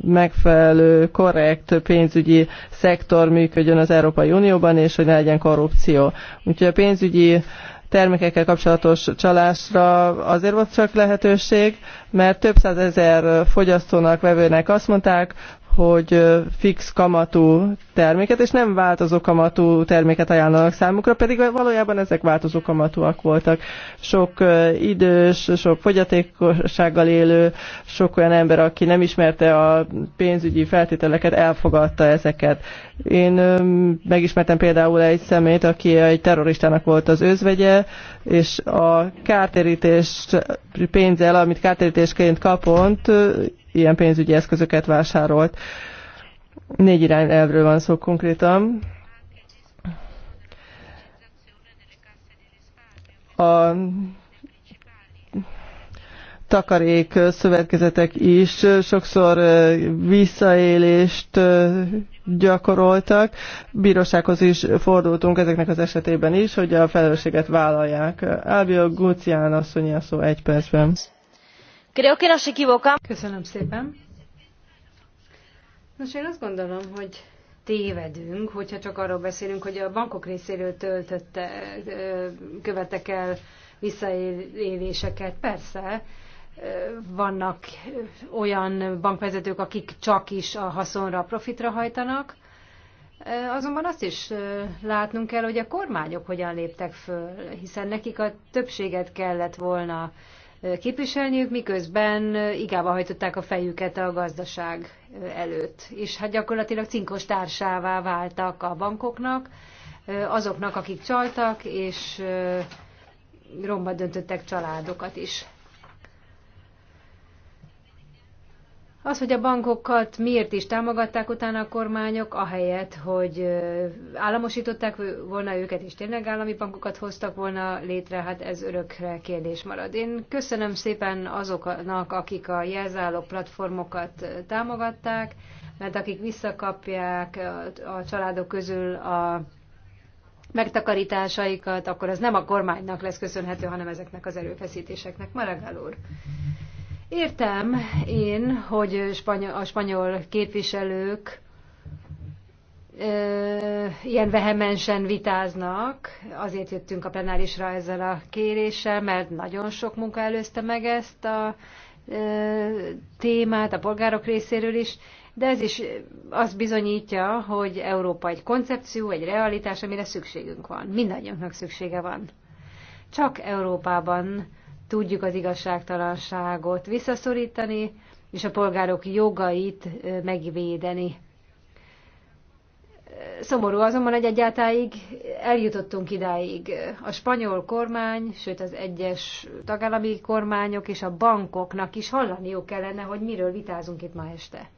megfelelő, korrekt pénzügyi szektor működjön az Európai Unióban, és hogy ne legyen korrupció. Úgyhogy a pénzügyi uh, termékekkel kapcsolatos csalásra azért volt csak lehetőség, mert több százezer fogyasztónak, vevőnek azt mondták, hogy fix kamatú terméket, és nem változó kamatú terméket ajánlanak számukra, pedig valójában ezek változó kamatúak voltak. Sok idős, sok fogyatékossággal élő, sok olyan ember, aki nem ismerte a pénzügyi feltételeket, elfogadta ezeket. Én megismertem például egy szemét, aki egy terroristának volt az özvegye, és a kártérítés pénzzel, amit kártérítésként kapott, ilyen pénzügyi eszközöket vásárolt. Négy irány elvről van szó konkrétan. A takarék szövetkezetek is sokszor visszaélést gyakoroltak. Bírósághoz is fordultunk ezeknek az esetében is, hogy a felelősséget vállalják. Ábia Gucián a szó egy percben. Creo que nos equivocamos. Köszönöm szépen. Nos, én azt gondolom, hogy tévedünk, hogyha csak arról beszélünk, hogy a bankok részéről töltötte, követek el visszaéléseket. Persze, vannak olyan bankvezetők, akik csak is a haszonra, a profitra hajtanak, Azonban azt is látnunk kell, hogy a kormányok hogyan léptek föl, hiszen nekik a többséget kellett volna képviselniük, miközben igába hajtották a fejüket a gazdaság előtt. És hát gyakorlatilag cinkos társává váltak a bankoknak, azoknak, akik csaltak, és romba döntöttek családokat is. Az, hogy a bankokat miért is támogatták utána a kormányok, ahelyett, hogy államosították volna őket, és tényleg állami bankokat hoztak volna létre, hát ez örökre kérdés marad. Én köszönöm szépen azoknak, akik a jelzálók platformokat támogatták, mert akik visszakapják a családok közül a megtakarításaikat, akkor az nem a kormánynak lesz köszönhető, hanem ezeknek az erőfeszítéseknek. Maragál úr! Értem én, hogy a spanyol képviselők ilyen vehemensen vitáznak. Azért jöttünk a plenárisra ezzel a kéréssel, mert nagyon sok munka előzte meg ezt a témát a polgárok részéről is, de ez is azt bizonyítja, hogy Európa egy koncepció, egy realitás, amire szükségünk van. Mindannyiunknak szüksége van. Csak Európában tudjuk az igazságtalanságot visszaszorítani, és a polgárok jogait megvédeni. Szomorú azonban, hogy egyáltalán eljutottunk idáig. A spanyol kormány, sőt az egyes tagállami kormányok és a bankoknak is hallaniuk kellene, hogy miről vitázunk itt ma este.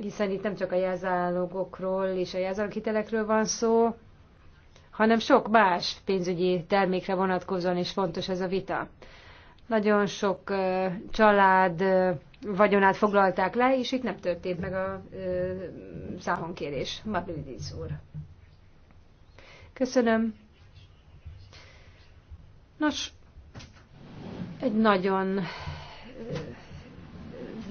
Hiszen itt nem csak a jelzálogokról és a jelzáloghitelekről van szó, hanem sok más pénzügyi termékre vonatkozóan is fontos ez a vita. Nagyon sok család vagyonát foglalták le, és itt nem történt meg a száhonkérés. Mablidis úr. Köszönöm. Nos, egy nagyon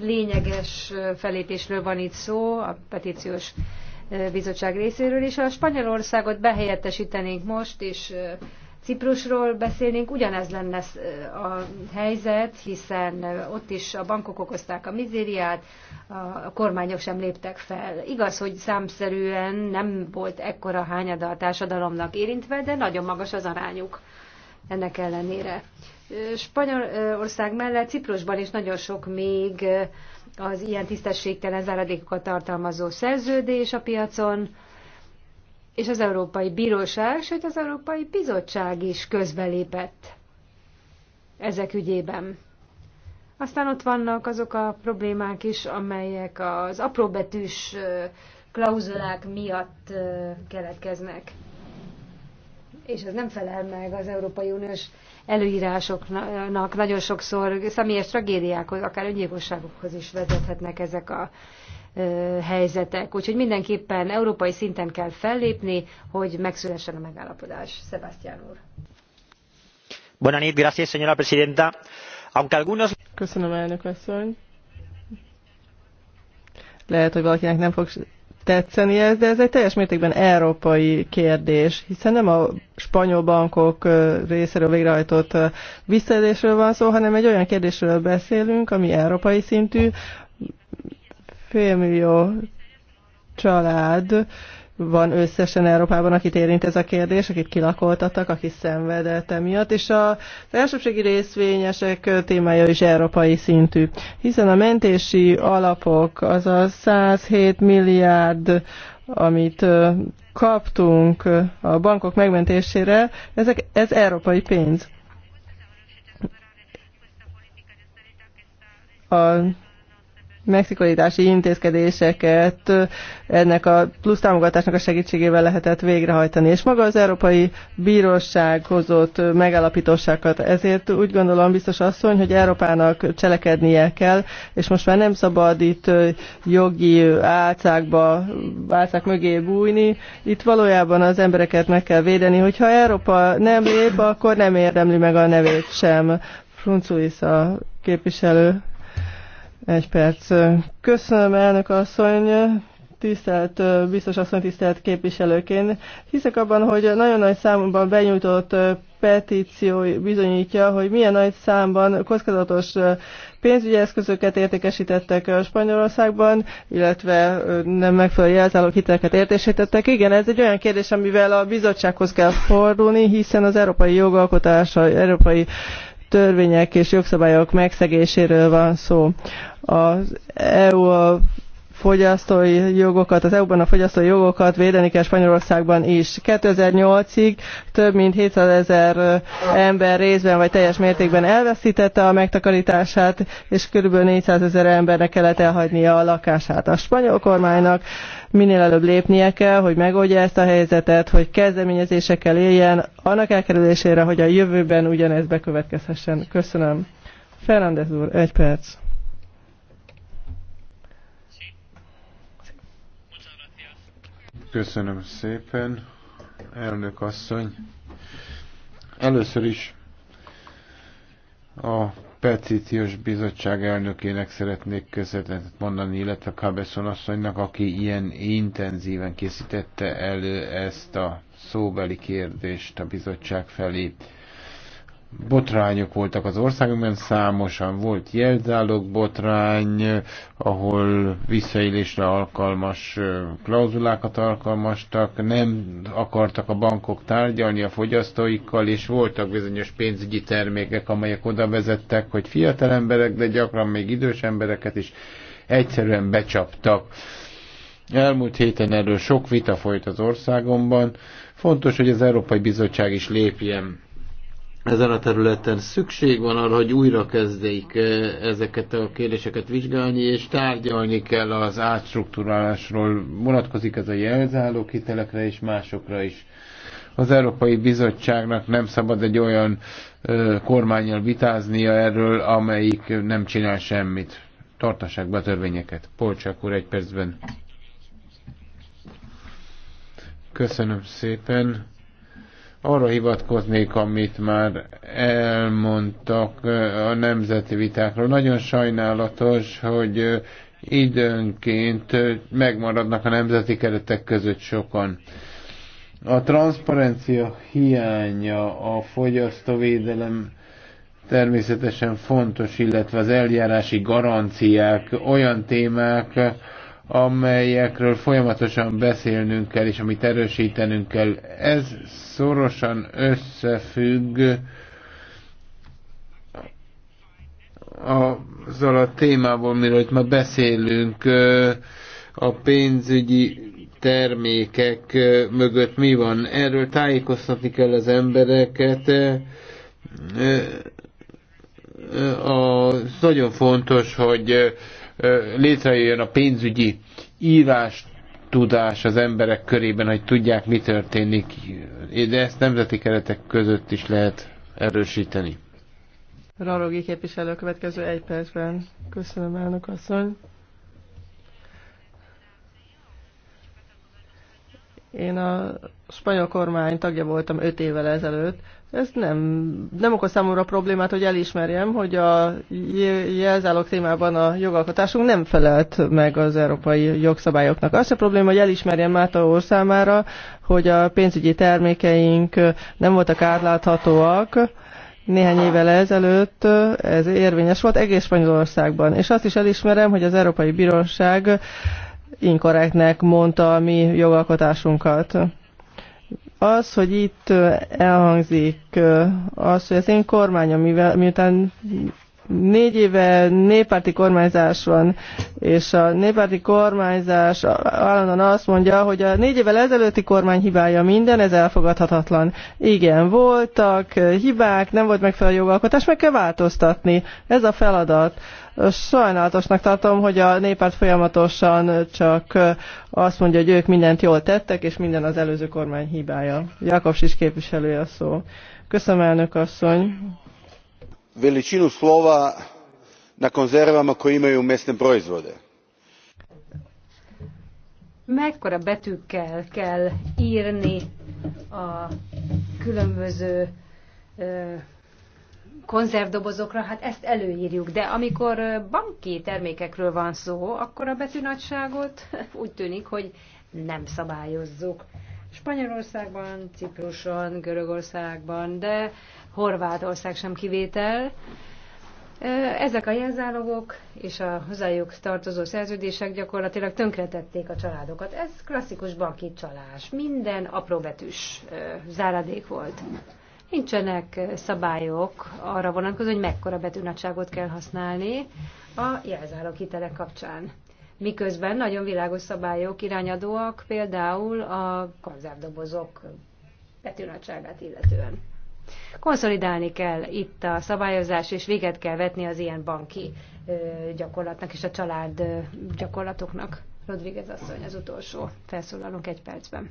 lényeges felépésről van itt szó, a petíciós bizottság részéről, és a Spanyolországot behelyettesítenénk most, és Ciprusról beszélnénk, ugyanez lenne a helyzet, hiszen ott is a bankok okozták a mizériát, a kormányok sem léptek fel. Igaz, hogy számszerűen nem volt ekkora hányada a társadalomnak érintve, de nagyon magas az arányuk ennek ellenére. Spanyolország mellett Ciprusban is nagyon sok még az ilyen tisztességtelen záradékokat tartalmazó szerződés a piacon, és az Európai Bíróság, sőt az Európai Bizottság is közbelépett ezek ügyében. Aztán ott vannak azok a problémák is, amelyek az apróbetűs klauzulák miatt keletkeznek és ez nem felel meg az Európai Uniós előírásoknak. Nagyon sokszor személyes tragédiákhoz, akár öngyilkosságokhoz is vezethetnek ezek a helyzetek. Úgyhogy mindenképpen európai szinten kell fellépni, hogy megszülessen a megállapodás. Sebastián úr. señora presidenta. Köszönöm, elnök asszony. Lehet, hogy valakinek nem fog tetszeni ez, de ez egy teljes mértékben európai kérdés, hiszen nem a spanyol bankok részéről végrehajtott visszaedésről van szó, hanem egy olyan kérdésről beszélünk, ami európai szintű, félmillió család van összesen Európában, akit érint ez a kérdés, akit kilakoltattak, aki szenvedett emiatt, és a felsőbségi részvényesek témája is európai szintű, hiszen a mentési alapok, az a 107 milliárd, amit kaptunk a bankok megmentésére, ezek, ez európai pénz. A megszikorítási intézkedéseket ennek a plusz támogatásnak a segítségével lehetett végrehajtani. És maga az Európai Bíróság hozott megállapítósákat. Ezért úgy gondolom biztos asszony, hogy Európának cselekednie kell, és most már nem szabad itt jogi álcákba, álcák mögé bújni. Itt valójában az embereket meg kell védeni, hogyha Európa nem lép, akkor nem érdemli meg a nevét sem. Fruncuisa képviselő. Egy perc. Köszönöm, elnök asszony tisztelt biztos asszony, tisztelt képviselőként. Hiszek abban, hogy nagyon nagy számban benyújtott petíció bizonyítja, hogy milyen nagy számban kockázatos pénzügyi eszközöket értékesítettek a Spanyolországban, illetve nem megfelelő jelzáló hiteleket értékesítettek. Igen, ez egy olyan kérdés, amivel a bizottsághoz kell fordulni, hiszen az európai jogalkotás, az európai törvények és jogszabályok megszegéséről van szó. Az EU a fogyasztói jogokat, az EU-ban a fogyasztói jogokat védeni kell Spanyolországban is. 2008-ig több mint 700 ezer ember részben vagy teljes mértékben elveszítette a megtakarítását, és kb. 400 ezer embernek kellett elhagynia a lakását. A spanyol kormánynak minél előbb lépnie kell, hogy megoldja ezt a helyzetet, hogy kezdeményezésekkel éljen, annak elkerülésére, hogy a jövőben ugyanez bekövetkezhessen. Köszönöm. Fernández úr, egy perc. Köszönöm szépen, elnök asszony. Először is a petíciós bizottság elnökének szeretnék köszönetet mondani, illetve Kábeszon asszonynak, aki ilyen intenzíven készítette elő ezt a szóbeli kérdést a bizottság felé botrányok voltak az országunkban, számosan volt jelzálog botrány, ahol visszaélésre alkalmas klauzulákat alkalmaztak, nem akartak a bankok tárgyalni a fogyasztóikkal, és voltak bizonyos pénzügyi termékek, amelyek oda vezettek, hogy fiatal emberek, de gyakran még idős embereket is egyszerűen becsaptak. Elmúlt héten erről sok vita folyt az országomban. Fontos, hogy az Európai Bizottság is lépjen ezen a területen szükség van arra, hogy újra kezdjék eh, ezeket a kérdéseket vizsgálni, és tárgyalni kell az átstruktúrálásról. Vonatkozik ez a jelzáló hitelekre és másokra is. Az Európai Bizottságnak nem szabad egy olyan ö, eh, kormányjal vitáznia erről, amelyik nem csinál semmit. Tartassák be a törvényeket. Polcsák úr egy percben. Köszönöm szépen arra hivatkoznék, amit már elmondtak a nemzeti vitákról. Nagyon sajnálatos, hogy időnként megmaradnak a nemzeti keretek között sokan. A transzparencia hiánya, a fogyasztóvédelem természetesen fontos, illetve az eljárási garanciák olyan témák, amelyekről folyamatosan beszélnünk kell, és amit erősítenünk kell. Ez szorosan összefügg azzal a témával, miről itt ma beszélünk, a pénzügyi termékek mögött mi van. Erről tájékoztatni kell az embereket. A, nagyon fontos, hogy létrejöjjön a pénzügyi írás tudás az emberek körében, hogy tudják, mi történik, de ezt nemzeti keretek között is lehet erősíteni. Rarogi képviselő következő egy percben. Köszönöm, elnök asszony. Én a spanyol kormány tagja voltam öt évvel ezelőtt, ez nem, nem okoz számomra problémát, hogy elismerjem, hogy a jelzálog témában a jogalkotásunk nem felelt meg az európai jogszabályoknak. Az a probléma, hogy elismerjem Máta úr számára, hogy a pénzügyi termékeink nem voltak átláthatóak, néhány évvel ezelőtt ez érvényes volt egész Spanyolországban. És azt is elismerem, hogy az Európai Bíróság inkorrektnek mondta a mi jogalkotásunkat. Az, hogy itt elhangzik az, hogy az én kormányom, mivel, miután négy éve néppárti kormányzás van, és a néppárti kormányzás állandóan azt mondja, hogy a négy évvel ezelőtti kormány hibája minden, ez elfogadhatatlan. Igen, voltak hibák, nem volt megfelelő jogalkotás, meg kell változtatni. Ez a feladat. Sajnálatosnak tartom, hogy a néppárt folyamatosan csak azt mondja, hogy ők mindent jól tettek, és minden az előző kormány hibája. Jakobs is képviselője a szó. Köszönöm, elnök asszony veliinu slova na konzervama koje imaju mesne proizvode. mekkora betűkkel kell rni a különböző ö, konzervdobozokra, hát ezt előírjuk, de amikor banki termékekről van szó, akkor a betűnagyságot [laughs] úgy tűnik, hogy nem szabályozzuk. Spanyolországban, Cipruson, Görögországban, de Horvátország sem kivétel. Ezek a jelzálogok és a hozzájuk tartozó szerződések gyakorlatilag tönkretették a családokat. Ez klasszikus banki csalás. Minden apróbetűs záradék volt. Nincsenek szabályok arra vonatkozó, hogy mekkora betűnagyságot kell használni a jelzálog hitelek kapcsán. Miközben nagyon világos szabályok irányadóak, például a konzervdobozok betűnagyságát illetően. Konszolidálni kell itt a szabályozás, és véget kell vetni az ilyen banki gyakorlatnak és a család gyakorlatoknak. Rodríguez asszony az utolsó felszólalunk egy percben.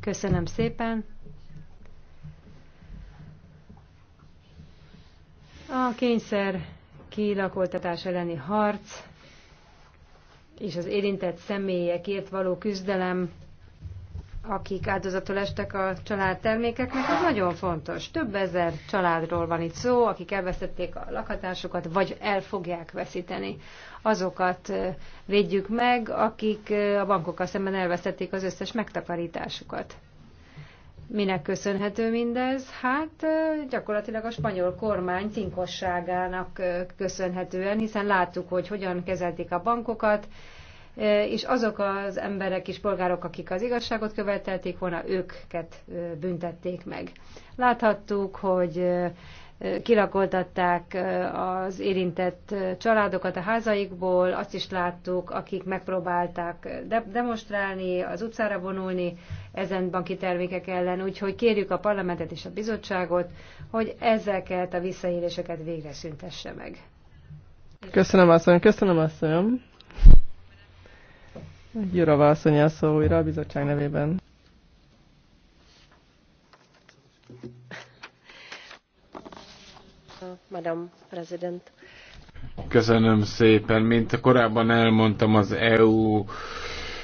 Köszönöm szépen. A kényszer kilakoltatás elleni harc és az érintett személyekért való küzdelem, akik áldozatul estek a családtermékeknek, az nagyon fontos. Több ezer családról van itt szó, akik elvesztették a lakhatásukat, vagy el fogják veszíteni. Azokat védjük meg, akik a bankokkal szemben elvesztették az összes megtakarításukat. Minek köszönhető mindez? Hát gyakorlatilag a spanyol kormány cinkosságának köszönhetően, hiszen láttuk, hogy hogyan kezelték a bankokat, E, és azok az emberek és polgárok, akik az igazságot követelték volna, őket e, büntették meg. Láthattuk, hogy e, kilakoltatták az érintett családokat a házaikból, azt is láttuk, akik megpróbálták de- demonstrálni, az utcára vonulni ezen banki termékek ellen, úgyhogy kérjük a parlamentet és a bizottságot, hogy ezeket a visszaéléseket végre szüntesse meg. Köszönöm, asszonyom, köszönöm, asszonyom. Jurova asszony a szó újra a bizottság nevében. Madam President. Köszönöm szépen. Mint korábban elmondtam, az EU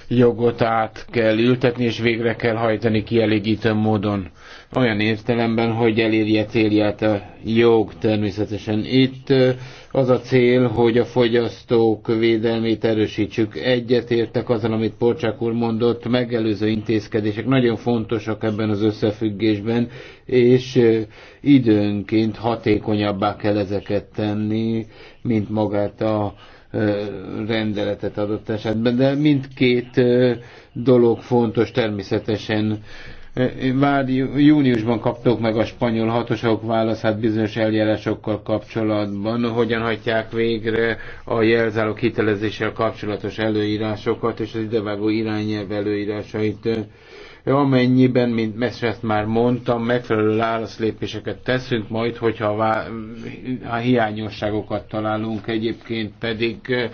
jogot át kell ültetni, és végre kell hajtani kielégítő módon. Olyan értelemben, hogy elérje célját a jog természetesen. Itt az a cél, hogy a fogyasztók védelmét erősítsük. Egyetértek azzal, amit Porcsák úr mondott, megelőző intézkedések nagyon fontosak ebben az összefüggésben, és időnként hatékonyabbá kell ezeket tenni, mint magát a rendeletet adott esetben, de mindkét dolog fontos természetesen. Már júniusban kaptok meg a spanyol hatosok válaszát bizonyos eljárásokkal kapcsolatban, hogyan hagyják végre a jelzálók hitelezéssel kapcsolatos előírásokat és az idevágó irányelv előírásait amennyiben, mint ezt már mondtam, megfelelő válaszlépéseket teszünk, majd, hogyha a hiányosságokat találunk, egyébként pedig eh,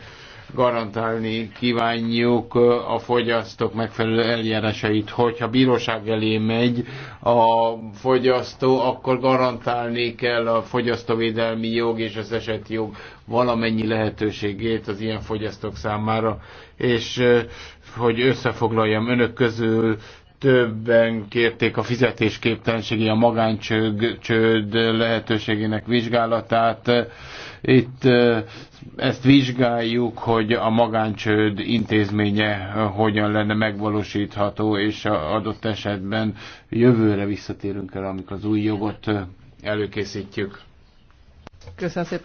garantálni kívánjuk eh, a fogyasztók megfelelő eljárásait. Hogyha bíróság elé megy a fogyasztó, akkor garantálni kell a fogyasztóvédelmi jog és az esetjog valamennyi lehetőségét az ilyen fogyasztók számára. És eh, hogy összefoglaljam önök közül, többen kérték a fizetésképtelenségi, a magáncsőd lehetőségének vizsgálatát. Itt ezt vizsgáljuk, hogy a magáncsőd intézménye hogyan lenne megvalósítható, és adott esetben jövőre visszatérünk el, amikor az új jogot előkészítjük. Köszönöm szépen.